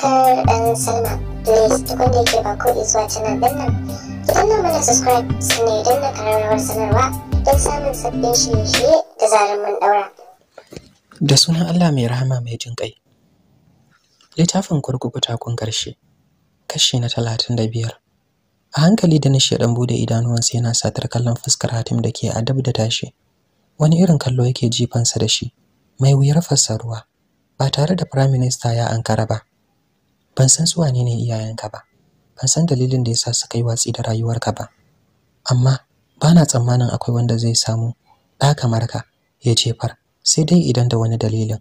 subscribe and sign up. Please tukunde ke ba ko zuwa canal din nan. Ki danna mana subscribe sannan idan na karar sanarwa don samun sabbin shirye-shirye da zarar mun daura. Da sunan Allah mai rahama mai jin ƙai. Littafin kurkuku takun ƙarshe, kashi na talatin da biyar. A hankali da nishi ɗan bude sai yana satar kallon fuskar Hatim da ke adab da tashi. Wani irin kallo yake jifansa da shi, mai wuyar fassarwa, ba tare da Prime Minister ya ankara ba. ban san su wane ne iyayenka ba ban san dalilin da yasa suka yi watsi da rayuwarka ba amma bana tsammanin akwai wanda zai samu ɗa kamar ka ya ce far, sai dai idan da wani dalilin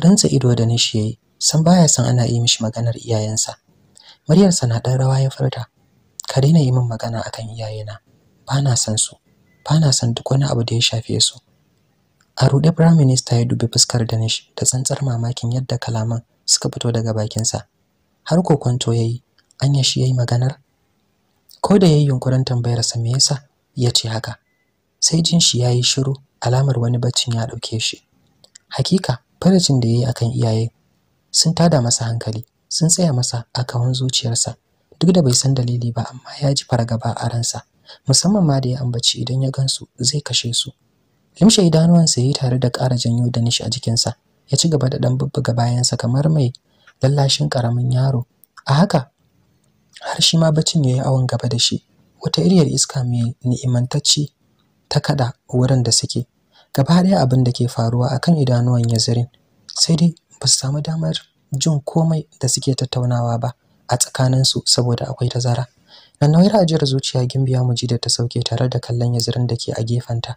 rantsa ido da nishi yayi san baya san ana yi mishi maganar iyayensa muryarsa na ɗan rawa ya furta ka daina yi min magana akan iyayena bana san su bana san duk wani abu da ya shafe su a rude, prime minister ya dubi fuskar danish da tsantsar mamakin yadda kalaman suka fito daga bakinsa har ko kokonto yayi anya shi yayi maganar ko da yayi yunkurin tambayar sa me yasa ya ce haka sai jin shi yayi shiru alamar wani baccin ya dauke shi hakika farajin da ya yayi akan iyaye sun tada masa hankali sun tsaya masa a kawon zuciyarsa duk da bai san dalili ba amma ya ji fargaba a ransa musamman ma da ya ambaci idan ya gansu zai kashe su limshe idanuwansa ya yi tare da ƙara janyo da nishi a jikinsa ya ci gaba da ɗan bubbuga bayansa kamar mai lallashin ƙaramin yaro a haka har shi ma bacin ya yi awon gaba da shi wata iriyar iska mai ni'imantacci ta kada wurin da suke gaba ɗaya abin da ke faruwa akan idanuwan yazirin sai dai ba su samu damar jin komai da suke tattaunawa ba a tsakaninsu saboda akwai tazara na nawar ajiyar zuciya gimbiya muji da ta sauke tare da kallon yazirin da ke a gefenta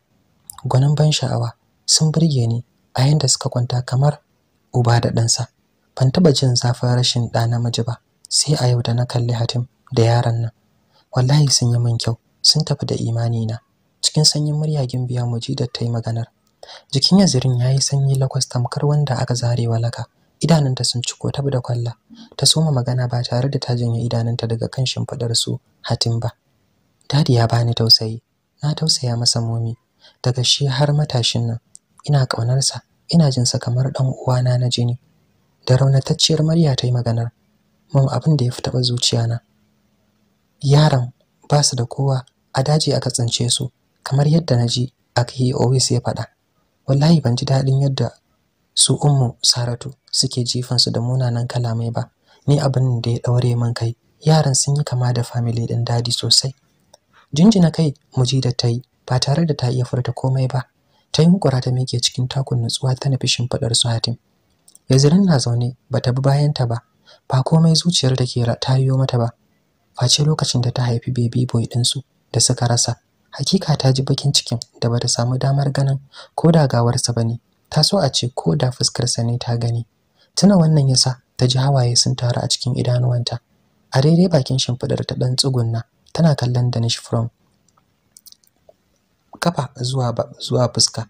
gwanin ban sha'awa sun burge ni a yanda suka kwanta kamar uba da ɗansa ban taɓa jin zafin rashin ɗa namiji ba sai a yau da na kalli hatim da yaron nan wallahi sun yi min kyau sun tafi da imani na cikin sanyin murya gimbiya da ta yi maganar jikin yazirin ya yi sanyi lakwas tamkar wanda aka zare wa laka idanunta sun ciko bi da kwalla ta soma magana ba tare da ta janye idanunta daga kan shimfiɗar su hatim ba dadi ya bani tausayi na tausaya masa momi daga shi har matashin nan ina ƙaunarsa ina jinsa kamar ɗan uwana na jini da raunatacciyar murya ta yi maganar mun abin da ya fi taɓa zuciyana yaran ba su da kowa a daji aka tsince su kamar yadda na ji kai always ya faɗa wallahi ban ji daɗin yadda su ummu saratu suke jifan su da munanan kalamai ba ni abin da ya ɗaure min kai yaran sun yi kama da family din dadi sosai jinjina kai mu ji da ta ba tare da ta iya furta komai ba ta yi mukura ta miƙe cikin takun nutsuwa ta nufi shimfiɗar su hatim Yazirin na zaune ba ta bi bayanta ba, ba komai zuciyar da ke tayo mata ba. Face lokacin da ta haifi baby boy ɗinsu da suka rasa. Hakika ta ji bakin cikin da bata samu damar ganin ko da gawarsa ba ne. Ta so a ce ko da fuskarsa ne ta gani. Tuna wannan yasa ta ji hawaye sun taru a cikin idanuwanta. A daidai bakin shimfiɗar ta ɗan tsugunna tana kallon Danish from kafa zuwa zuwa fuska.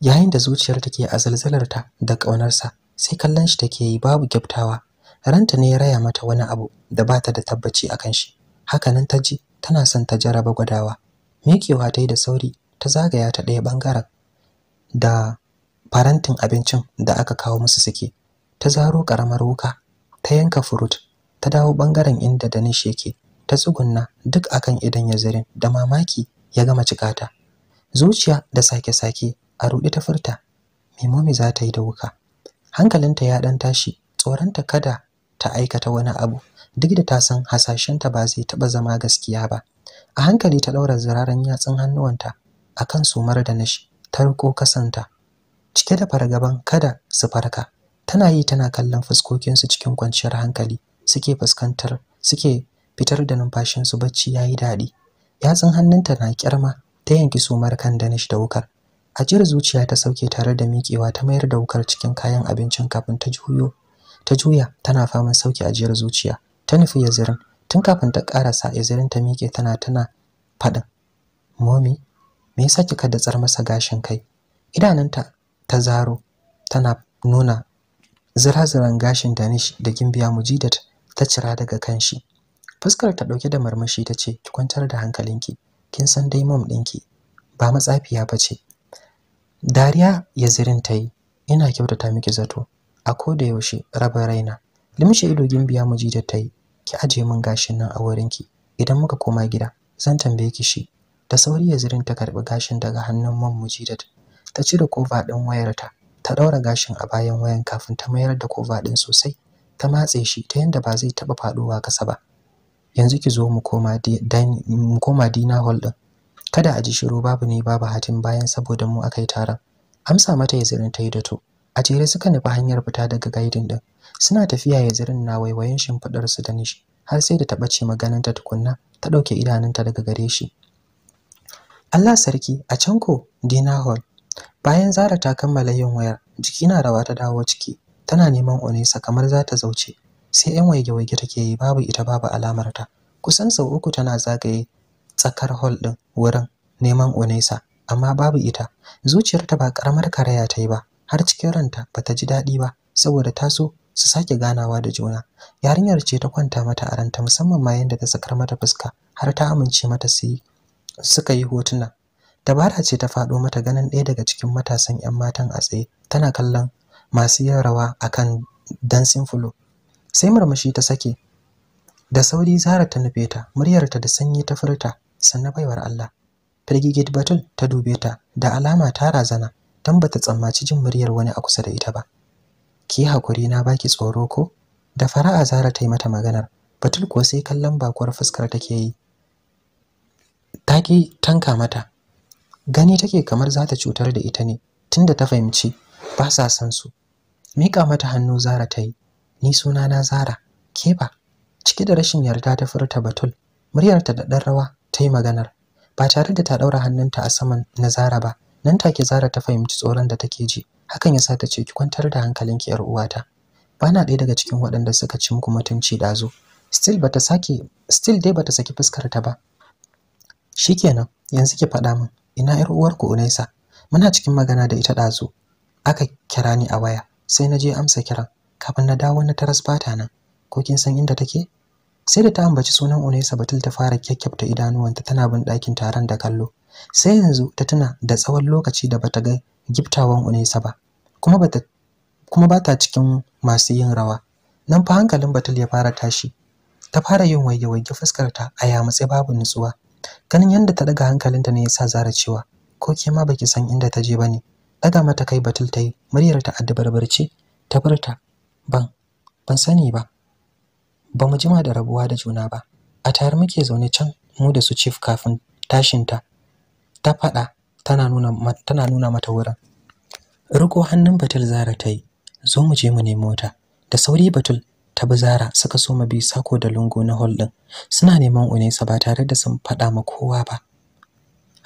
yayin da zuciyar take a zalzalarta da ƙaunarsa sai kallon shi take yi babu gyaftawa ranta ne ya raya mata wani abu da ba ta da tabbaci a akan shi nan ta ji tana son ta jaraba gwadawa miƙewa ta yi da sauri ta zagaya ta ɗaya ɓangaren da farantin abincin da aka kawo musu suke ta zaro ƙaramar wuka ta yanka furut ta dawo ɓangaren inda danish yake ta tsugunna duk akan idan ya zirin, da mamaki ya gama cikata zuciya da sake-sake a ruɗe ta furta me momi za ta yi da wuka hankalinta ya dan tashi tsoronta kada ta aikata wani abu duk da ta san hasashenta ba zai taba zama gaskiya ba a hankali ta daura ziraran yatsun hannuwanta akan sumar da nashi ta riko kasanta cike da fargaban kada su farka tana yi tana kallon fuskokinsu cikin kwanciyar hankali suke fuskantar suke fitar da numfashinsu bacci yayi daɗi yatsun hannunta na kirma ta yanki sumar kan danish da wukar ajiyar zuciya ta sauke tare da miƙewa ta mayar da wukar cikin kayan abincin kafin ta juyo ta juya tana faman sauke ajiyar zuciya ta nufi yazirin tun kafin ta karasa yazirin ta miƙe tana tana faɗin momi me yasa kika datsar masa gashin kai idananta ta zaro tana nuna ziraziran gashin danish da gimbiya mujidat ta cira daga kanshi fuskar ta ɗauke da marmashi ta ce ki kwantar da hankalinki kin san dai mom ɗinki ba matsafiya ba ce dariya yazirin ta yi ina kyautata miki zato a ko da yaushe raba raina limshe ido gimbiya mujida ta yi ki aje mun gashin nan a wurin ki, idan muka koma gida zan tambaye ki shi da sauri yazirin ta karbi gashin daga hannun man mu da ta cire kofa din wayarta ta daura gashin a bayan wayan kafin ta mayar da kofa din sosai ta matse shi ta yanda ba zai taba faduwa kasa ba yanzu ki zo mu koma mu koma dina hall din kada a ji shiru babu ne babu hatin bayan saboda mu akai taron amsa mata yazirin ta yi da to a jere suka nufi hanyar fita daga gaidin din suna tafiya yazirin na waiwayen shimfiɗar su da nishi har sai da ta ɓace ta tukunna ta ɗauke idanunta daga gare shi Allah sarki a can ko Dina Hall bayan Zara ta kammala yin wayar jiki na rawa ta dawo ciki tana neman Onesa kamar za ta zauce sai 'yan waige-waige take yi babu ita babu alamar ta kusan sau uku tana zagaye tsakar hall din wurin neman Onesa amma babu ita zuciyarta ba karamar karaya ta yi ba har cikin ranta bata ji daɗi ba saboda ta so su sake ganawa da juna yarinyar ce ta kwanta mata a ranta musamman ma yanda ta sakar mata fuska har ta amince mata su yi suka yi hotuna dabara ce ta faɗo mata ganin ɗaya daga cikin matasan 'yan matan a tsaye tana kallon masu yin rawa akan dancing flow sai murmushi ta sake da sauri zara ta nufe ta muryarta da sanyi ta furta sannan baiwar Allah firgigit batul ta dube ta da alama ta razana dan bata tsammaci jin muryar wani a kusa da ita ba ki hakuri na baki tsoro ko da fara'a zara ta yi mata maganar batul kuwa sai kallon bakuwar fuskar take yi taki tanka mata gani take kamar za ta cutar da ita ne tunda ta fahimci ba sa san su mika mata hannu zara ta yi ni suna na zara ke ba Ciki da rashin yarda ta furta batul muryarta da ɗan rawa ta yi maganar ba tare da ta ɗaura hannunta a saman na zara ba nan take zara ta fahimci tsoron da take ji hakan ya sa ta ce ki kwantar da hankalinki yar uwata bana ɗaya daga cikin waɗanda suka ci muku mutunci ɗazu still bata sake still dai bata saki fuskar ta ba Shi kenan, yanzu ki faɗa min ina yar uwarku Unaisa muna cikin magana da ita ɗazu aka kira ni a waya sai na je amsa kiran kafin na dawo na taras bata nan ko kin san inda take sai da ta ambaci sunan Unaisa Batul ta fara kyakkyafta idanuwanta tana bin ɗakin taron da kallo sai yanzu ta tuna da tsawon lokaci da bata ga giftawan Unaisa ba kuma bata kuma ta cikin masu yin rawa nan fa hankalin Batul ya fara tashi ta fara yin waige fuskar fuskarta a yamutse babu nutsuwa ganin yadda ta daga hankalinta ne yasa zara cewa ko ke ma baki san inda ta je bane daga mata kai Batul ta yi muryar ta addabarbarce ta furta ban ban sani ba ba mu jima da rabuwa da juna ba a tare muke zaune can mu da su chief kafin tashinta ta faɗa tana nuna mata wurin riko hannun batul zara ta yi zo mu je mu nemo ta da sauri batul ta bi zara suka so mu bi sako da lungu na hall din suna neman unesa ba tare da sun faɗa ma kowa ba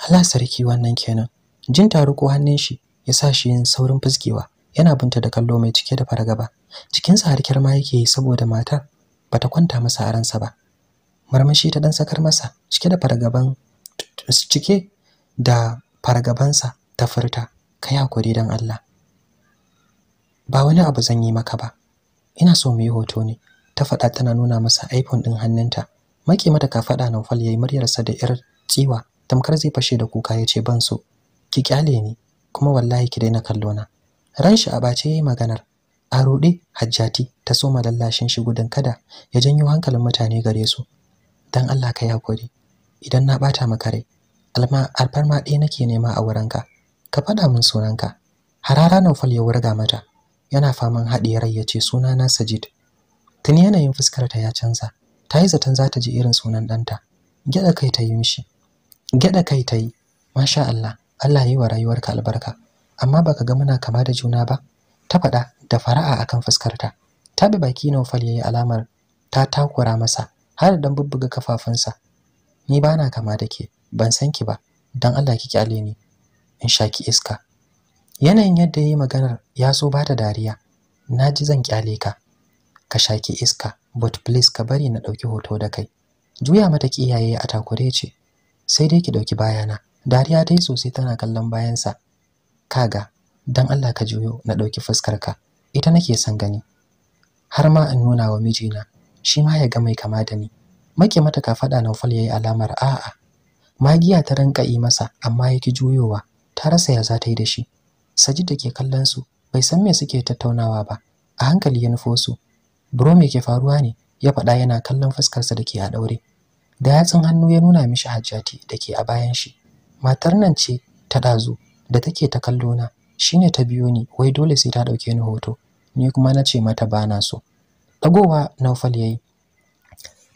Hala sarki wannan kenan jin ta riko hannun shi ya sa shi yin saurin fuskewa yana binta da kallo mai cike da fargaba cikinsa harkar ma yake yi saboda matar bata kwanta masa a ransa ba marmashi ta dan sakar masa cike da fargaban cike da fargabansa ta furta kai hakuri dan Allah ba wani abu zan yi maka ba ina so mu yi hoto ne ta faɗa tana nuna masa iPhone ɗin hannunta maki mata ka faɗa Naufal yayi muryarsa da irin tsiwa tamkar zai fashe da kuka yace ban so ki kyale ni kuma wallahi ki daina kallo na ran shi a bace yayi maganar a hajjati ta soma lallashin shi gudun kada ya janyo hankalin mutane gare su dan Allah ka hakuri idan na bata maka rai alma alfarma ɗaya nake nema a wurinka ka faɗa min sunanka harara fal ya wurga mata yana faman haɗiye rai ya ce na Sajid tuni yanayin fuskar ta ya canza ta yi zaton za ta ji irin sunan ɗanta gyaɗa kai ta yi mishi gyaɗa kai ta yi masha Allah Allah ya yi wa rayuwarka albarka amma baka ga muna kama da juna ba ta faɗa da fara'a akan fuskarta ta bi baki na ya yi alamar ta takura masa har dan bubbuga kafafunsa ni ba na kama da ke ban san ki ba dan Allah ki kyale ni in shaki iska yanayin yadda ya yi maganar ya so ba ta dariya Na ji zan kyale ka ka shaki iska but please ka bari na ɗauki hoto da kai juya mata kiyaye a takure ce sai dai ki ɗauki bayana dariya ta yi sosai tana kallon bayansa kaga don Allah ka juyo na ɗauki fuskarka ita nake son gani har ma in nuna wa mijina shi ma ya ga mai kama da ni make mata ka faɗa fal yayi alamar a'a magiya ta rinka yi masa amma yake juyowa ta rasa ya za ta yi da shi sajid da ke kallon su bai san me suke tattaunawa ba a hankali ya nufo su bro me ke faruwa ne ya faɗa yana kallon fuskarsa da ke a ɗaure da yatsun hannu ya nuna mishi hajjati da ke a bayan shi matar nan ce ta ɗazu da take ta kallona. shine ta biyo ni wai dole sai ta dauke ni hoto ni kuma na ce mata bana so dagowa Naufal yayi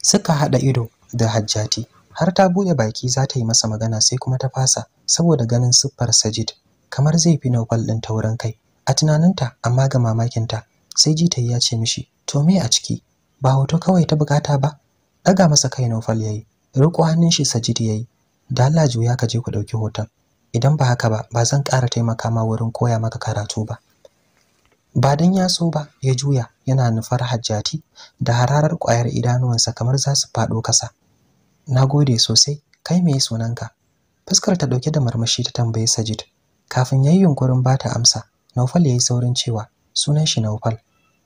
suka hada ido da Hajjati har ta bude baki za ta yi masa magana sai kuma ta fasa saboda ganin siffar Sajid kamar zai fi Naufal din wurin kai a tunaninta amma ga mamakinta sai jita ya ce mishi to me a ciki ba hoto kawai ta bukata ba daga masa kai Naufal yayi riko hannun shi Sajid yayi da Allah juya ka je ku dauki hoton idan ba haka ba ba zan ƙara taimaka ma wurin koya maka karatu ba ba dan ya so ba ya juya yana nufar hajjati da hararar ƙwayar idanuwansa kamar za su faɗo kasa na gode sosai kai me sunanka fuskar ta ɗauke da marmashi ta tambaye sajid kafin ya yi yunkurin ba ta amsa naufal ya yi saurin cewa sunan shi naufal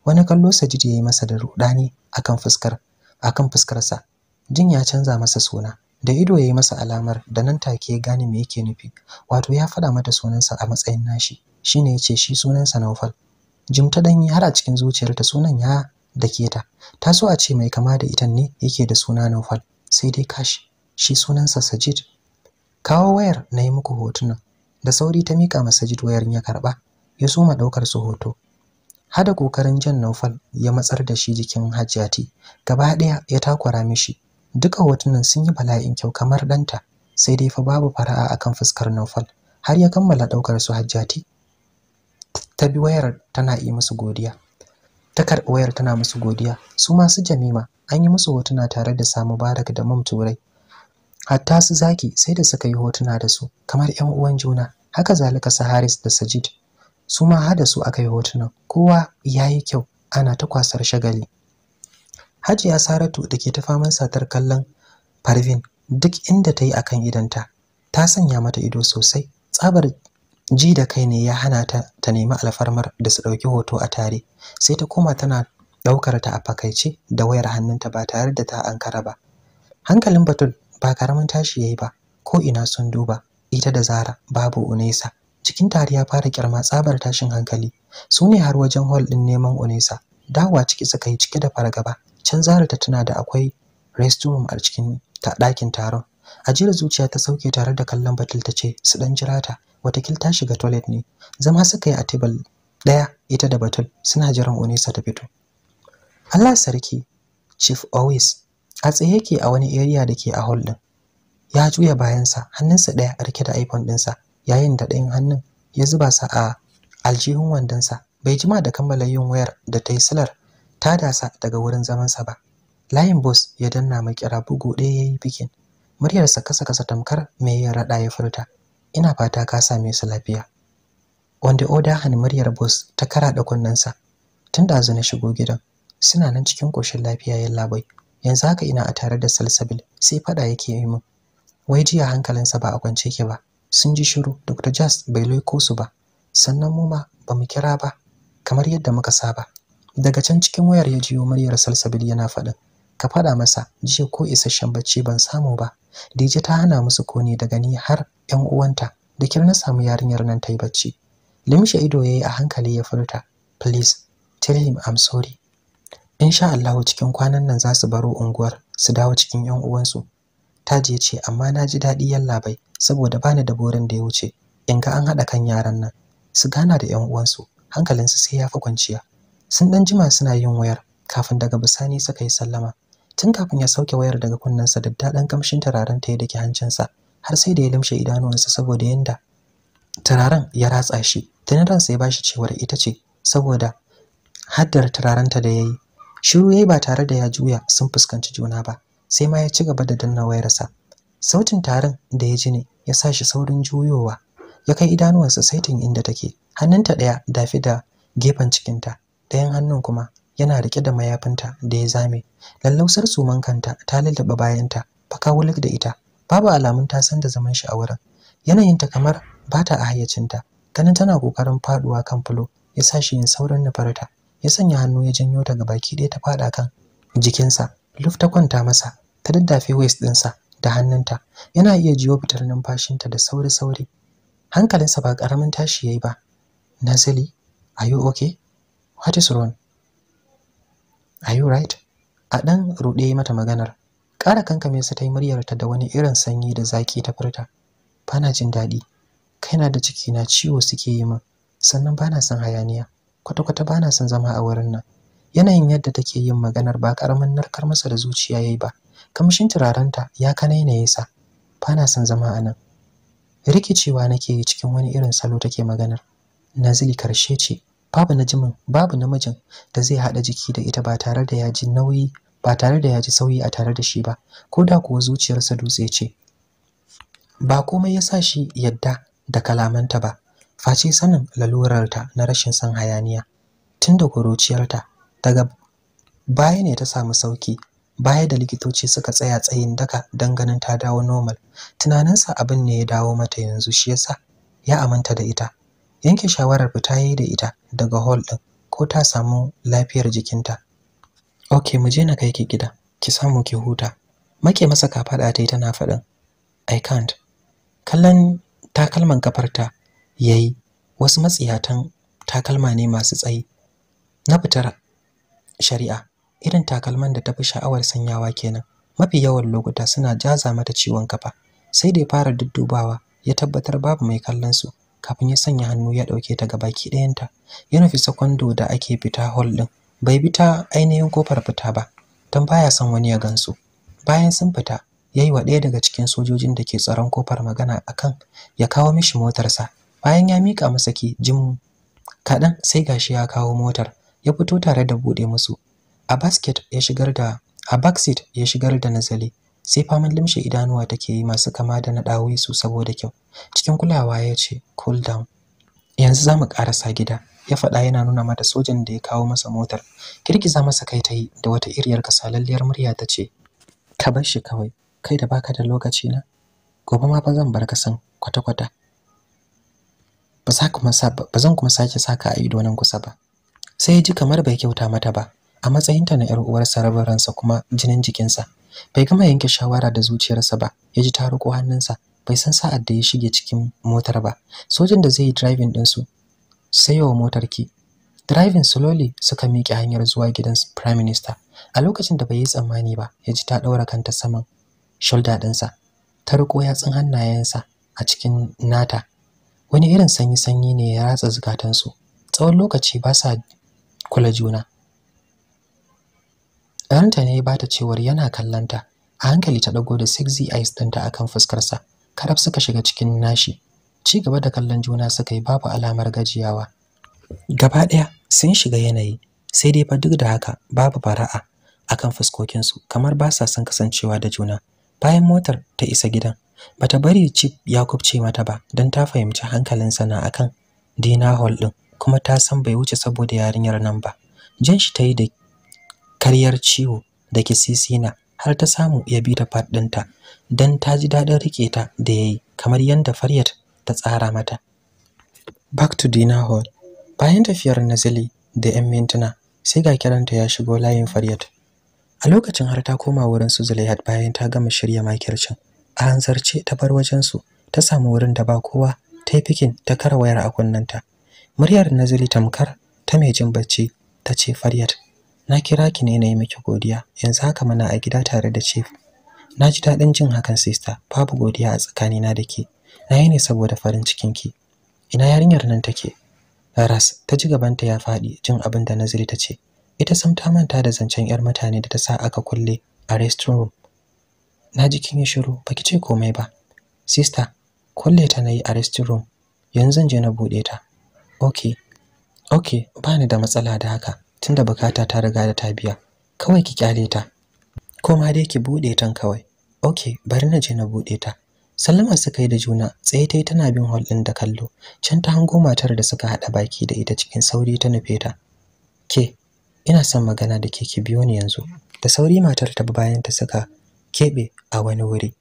wani kallo sajid ya yi masa da ruɗani akan fuskar akan fuskarsa jin ya canza masa suna da ido ya yi masa alamar da nan take ya gane me yake nufi wato ya faɗa mata sunansa a matsayin nashi shine ya ce shi sunansa naufal jim ta danyi har a cikin zuciyarta sunan ya dake ta ta so a ce mai kama da ita ne yake da suna naufal sai dai kashi shi sunansa sajid kawo wayar na yi muku hotunan da sauri ta miƙa masa sajid wayar ya karɓa ya soma ɗaukar su hoto hada kokarin jan naufal ya matsar da shi jikin hajjati gaba ɗaya ya takura mishi duka hotunan sun yi bala'in kyau kamar ɗanta sai dai fa babu fara'a akan fuskar Naufal har ya kammala ɗaukar su Hajjati ta bi wayar tana yi musu godiya ta karɓi wayar tana musu godiya su ma su Jamima an yi musu hotuna tare da Samu Barak da Mum Turai hatta su Zaki sai da suka yi hotuna da su kamar 'yan uwan juna haka zalika su Haris da Sajid su ma hada su aka yi hotunan kowa yayi kyau ana ta kwasar shagali Hajiya Saratu da ke ta faman satar kallon Parvin duk inda ta yi akan idanta, ta sanya mata ido sosai. Tsabar ji da kai ne ya hana ta ta nemi alfarmar da su ɗauki hoto a tare, sai ta koma tana ɗaukar ta a fakaice da wayar hannunta ba tare da ta ankara ba. Hankalin Batul ba karamin tashi ya yi ba, ko ina sun duba, ita da Zara babu Unesa. Cikin tari ya fara kirma tsabar tashin hankali, su ne har wajen hol ɗin neman Unesa, dawa ciki suka yi cike da fargaba. can zara ta tuna da akwai restroom a cikin ɗakin taron ajiyar zuciya ta sauke tare da kallon batul ta ce su ɗan jira ta watakil ta shiga toilet ne zama suka yi a table ɗaya ita da batul suna jiran unisa ta fito allah sarki chief always a tsaye yake a wani area da ke a hall ɗin ya juya bayansa hannunsa ɗaya a rike da iphone ɗinsa yayin da ɗayan hannun ya zuba sa a aljihun wandonsa bai jima da kammala yin wayar da ta yi silar ta dasa daga wurin zamansa ba layin bos ya danna mai kira bugu ɗaya ya yi bikin muryarsa kasa kasa tamkar mai ya raɗa ya furta ina fata ka same su lafiya Wanda oda hani muryar bos ta kara karaɗa kunnensa tun da na shigo gidan suna nan cikin ƙoshin lafiya ya labai yanzu haka ina a tare da salsabil sai faɗa yake yi min wai jiya hankalinsa ba a kwance ke ba sun ji shiru dr Jazz bai loiko su ba sannan mu ma ba mu kira ba kamar yadda muka saba daga can cikin wayar ya jiyo muryar salsabil yana faɗin ka faɗa masa jiya ko isasshen bacci ban samu ba dije ta hana musu kone daga ni har yan uwanta da kirna na samu yarinyar nan ta yi bacci limshe ido ya yi a hankali ya furta please tell him i'm sorry insha Allah cikin kwanan nan za su baro unguwar su dawo cikin yan uwansu je ce amma na ji daɗi yalla bai saboda bani da burin da ya wuce in ga an haɗa kan yaran nan su gana da yan uwansu hankalinsu sai ya fi kwanciya sun dan jima suna yin wayar kafin daga bisani suka yi sallama tun kafin ya sauke wayar daga da daɗin kamshin turaren ta ya ke hancinsa har sai da ya limshe idanuwansa saboda yanda turaren ya ratsa shi tunan ransa ya bashi cewar ita ce saboda haddar turarenta da ya yi shiru yayi ba tare da ya juya sun fuskanci juna ba sai ma ya ci gaba da danna wayar sa. sautin taron da ya ji ne ya sa shi saurin juyowa ya kai idanuwansa saitin inda take hannunta ɗaya dafi da gefen cikinta ɗayan hannun kuma yana riƙe da mayafinta da ya zame lallausar suman kanta ta lallaɓa bayanta baka wulik da ita babu alamun ta san da zaman shi a wurin yanayinta kamar ba ta a hayyacinta ganin tana kokarin faɗuwa kan fulo ya sa shi yin saurin nufarta ya sanya hannu ya janyo ta baki ɗaya ta faɗa kan jikinsa luf ta kwanta masa ta daddafe waist ɗinsa da hannunta yana iya jiyo fitar numfashinta da sauri-sauri hankalinsa ba ƙaramin tashi ya yi ba nazili are you okay What is wrong? Are you right? A dan ruɗe mata maganar. Kara kanka me su tai muryar ta da wani irin sanyi da zaki ta furta. Bana jin daɗi. Kaina da ciki na ciwo suke yi min. Sannan bana son hayaniya. Kwata-kwata bana son zama a wurin nan. Yanayin yadda take yin maganar ba ƙaramin narkar masa da zuciya yayi ba. Kamshin turaranta ya kanainaye sa. Bana son zama a nan. Rikicewa nake cikin wani irin salo take maganar. Nazili karshe ce babu na jimin, babu namijin da zai haɗa jiki da ita ba tare da ya ji nauyi ba tare da ya sauyi a tare da shi ba ko da kuwa zuciyarsa dutse ce ba komai ya sa shi yadda da kalamanta ba face sanin lalurarta na rashin son hayaniya tun da kuruciyarta daga baya ne ta samu sauki baya da likitoci suka tsaya tsayin daka don ganin ta dawo normal tunaninsa abin ne ya dawo mata yanzu shi yasa ya aminta da ita yanke shawarar fita yi da ita daga hall ɗin ko ta samu lafiyar jikinta ok mu je na kai ki gida ki samu ki huta make masa kafaɗa ta yi tana faɗin i can't kallon takalman kafarta ya yi wasu matsiyatan takalma ne masu tsayi na fitar shari'a irin takalman da ta fi sha'awar sanyawa kenan mafi yawan lokuta suna jaza mata ciwon kafa sai da fara duddubawa ya tabbatar babu mai kallon su kafin ya sanya hannu ya ɗauke ta gabaki ɗayanta ya nufi sakwando da ake fita hall ɗin bai bi ta ainihin kofar fita ba don baya son wani ya gansu bayan sun fita ya yi wa ɗaya daga cikin sojojin da ke tsaron kofar magana akan ya kawo mishi motarsa bayan ya mika masa ki jim kaɗan sai gashi ya kawo motar ya fito tare da buɗe musu a basket ya shigar da a backseat ya shigar da nazali sai faman limshe idanuwa take yi masu kama da na su saboda kyau cikin kulawa ya ce cool down yanzu za mu ƙarasa gida ya faɗa yana nuna mata sojan da ya kawo masa motar girgiza masa kai ta yi da wata iriyar kasalalliyar murya ta ce ka bar shi kawai kai da baka da lokaci na gobe ma ba zan bar ka san kwata-kwata ba zan kuma sake saka a ido nan kusa ba sai ya ji kamar bai kyauta mata ba a matsayinta na 'yar uwarsa rabaransa kuma jinin jikinsa bai gama yanke shawara da zuciyarsa ba ya ji ta riko hannunsa bai san sa'ad da ya shige cikin motar ba sojin da zai yi driving ɗinsu sai yawa motar ki driving slowly suka miƙe hanyar zuwa gidan prime minister a lokacin da bai yi tsammani ba ya ji ta ɗaura kanta saman shoulder ɗinsa ta riko yatsun hannayensa a cikin nata wani irin sanyi-sanyi ne ya ratsa zukatansu tsawon lokaci ba sa kula juna ɗanta ne ya bata cewar yana kallanta a hankali ta ɗago da sexy eyes ɗinta a kan fuskarsa karab suka shiga cikin nashi ci gaba da kallon juna suka yi babu alamar gajiyawa gaba ɗaya sun shiga yanayi sai dai fa duk da haka babu fara'a kan fuskokinsu kamar ba sa son kasancewa da juna bayan motar ta isa gidan bata bari chip ya kubce mata ba don ta fahimci hankalinsa na akan dina hall ɗin kuma ta san bai wuce saboda yarinyar nan ba jan shi ta yi da karyar ciwo da ke sisina har ta samu ya bi ta faɗinta don ta ji daɗin riƙe ta da ya yi kamar yadda faryat ta tsara mata. Back to Dina hall. Bayan tafiyar Nazili da 'yan mintuna sai ga kiranta ya shigo layin faryat. A lokacin har ta koma wurin su Zulaihat bayan ta gama shirya makircin. A hanzarce ta bar wajensu ta samu wurin da ba kowa ta yi fikin ta kara wayar a kunnanta. Muryar Nazili tamkar ta mai jin bacci ta ce Faryat na kira ki ne na yi miki godiya yanzu haka muna a gida tare da chief na ji daɗin jin hakan sister babu godiya a tsakanina da ke na yi ne saboda farin cikin ki ina yarinyar nan take ras ta ji gabanta ya faɗi jin abin da naziri ta ce ita sam ta manta da zancen yar mutane da ta sa aka kulle a restroom na ji kin yi shiru baki ce komai ba sister kulle ta nayi yi a restroom yanzu zan je na buɗe ta okay okay ba ni da matsala da haka tunda bukata ta riga da ta biya kawai ki kyale ta ko ma dai ki bude tan kawai okay bari na je na bude ta sallama suka yi da juna tsaye tai tana bin hall din da kallo can ta hango matar da suka hada baki da ita cikin sauri ta nufe ta ke ina son magana da ke ki biyo ni yanzu da sauri matar ta bayan ta suka kebe a wani wuri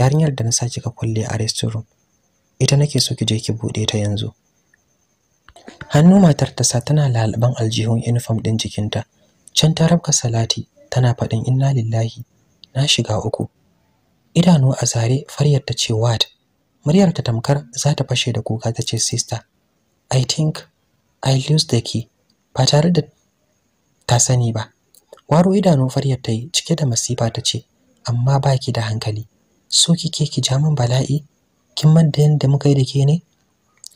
yarinyar da na sa kika kulle a restroom ita nake so ki je ki bude ta yanzu hannu matar ta sa tana lalban aljihun uniform din jikinta can ta rabka salati tana faɗin inna lillahi na shiga uku idanu a zare faryar ta ce what muryar ta tamkar za ta fashe da kuka ta ce sister i think i lose the key ba tare da ta sani ba waro idanu faryar ta yi cike da masifa ta ce amma baki da hankali so kike ki ja min bala'i kin manta yadda muka yi da ke ne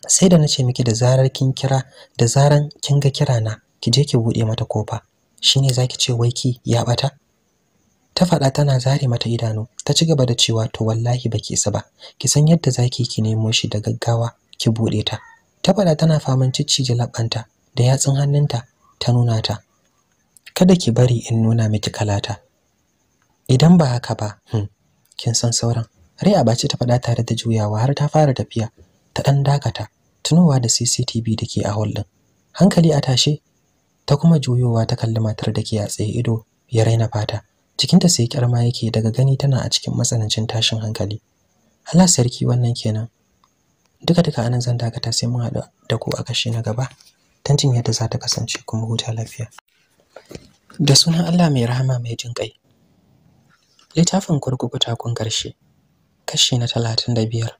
sai da nace miki da zarar kin kira da zaran kin ga kira na ki je ki bude mata kofa shine zaki ce wai ki ya bata ta faɗa tana zare mata idanu ta ci gaba da cewa to wallahi baki isa ba ki san yadda zaki ki nemo shi da gaggawa ki bude ta ta faɗa tana faman ciccije labanta da yatsun hannunta ta nuna ta kada ki bari in nuna miki kalata idan ba haka ba hmm, kin san sauran Rai a bace ta faɗa tare da juyawa har ta fara tafiya ta ɗan dakata tunowa da CCTV da ke a hall Hankali a tashe ta kuma juyowa ta kalli matar da ke a tsaye ido ya raina fata. Cikinta sai kyarma yake daga gani tana a cikin matsanancin tashin hankali. Allah sarki wannan kenan. Duka duka anan zan dakata sai mun haɗu da ku a kashi na gaba. Tantin yadda za ta kasance kuma huta lafiya. Da sunan Allah mai rahama mai jin ƙai. Littafin kurkuku takun karshe Kashi na talatin da biyar.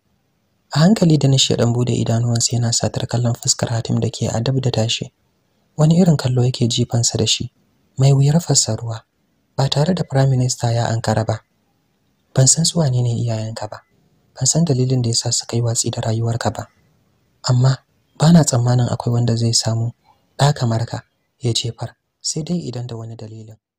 a hankali da nishi dan bude idanuwansa yana satar kallon fuskar hatim da ke adab da tashi wani irin kallo yake jifansa da shi mai wuyar ruwa ba tare da prime minister ya ankara ba ban san su wane ne iyayenka ba ban san dalilin da yasa suka yi watsi da rayuwarka ba amma bana tsammanin akwai wanda zai samu da kamar ka ya jefar sai dai idan da wani dalilin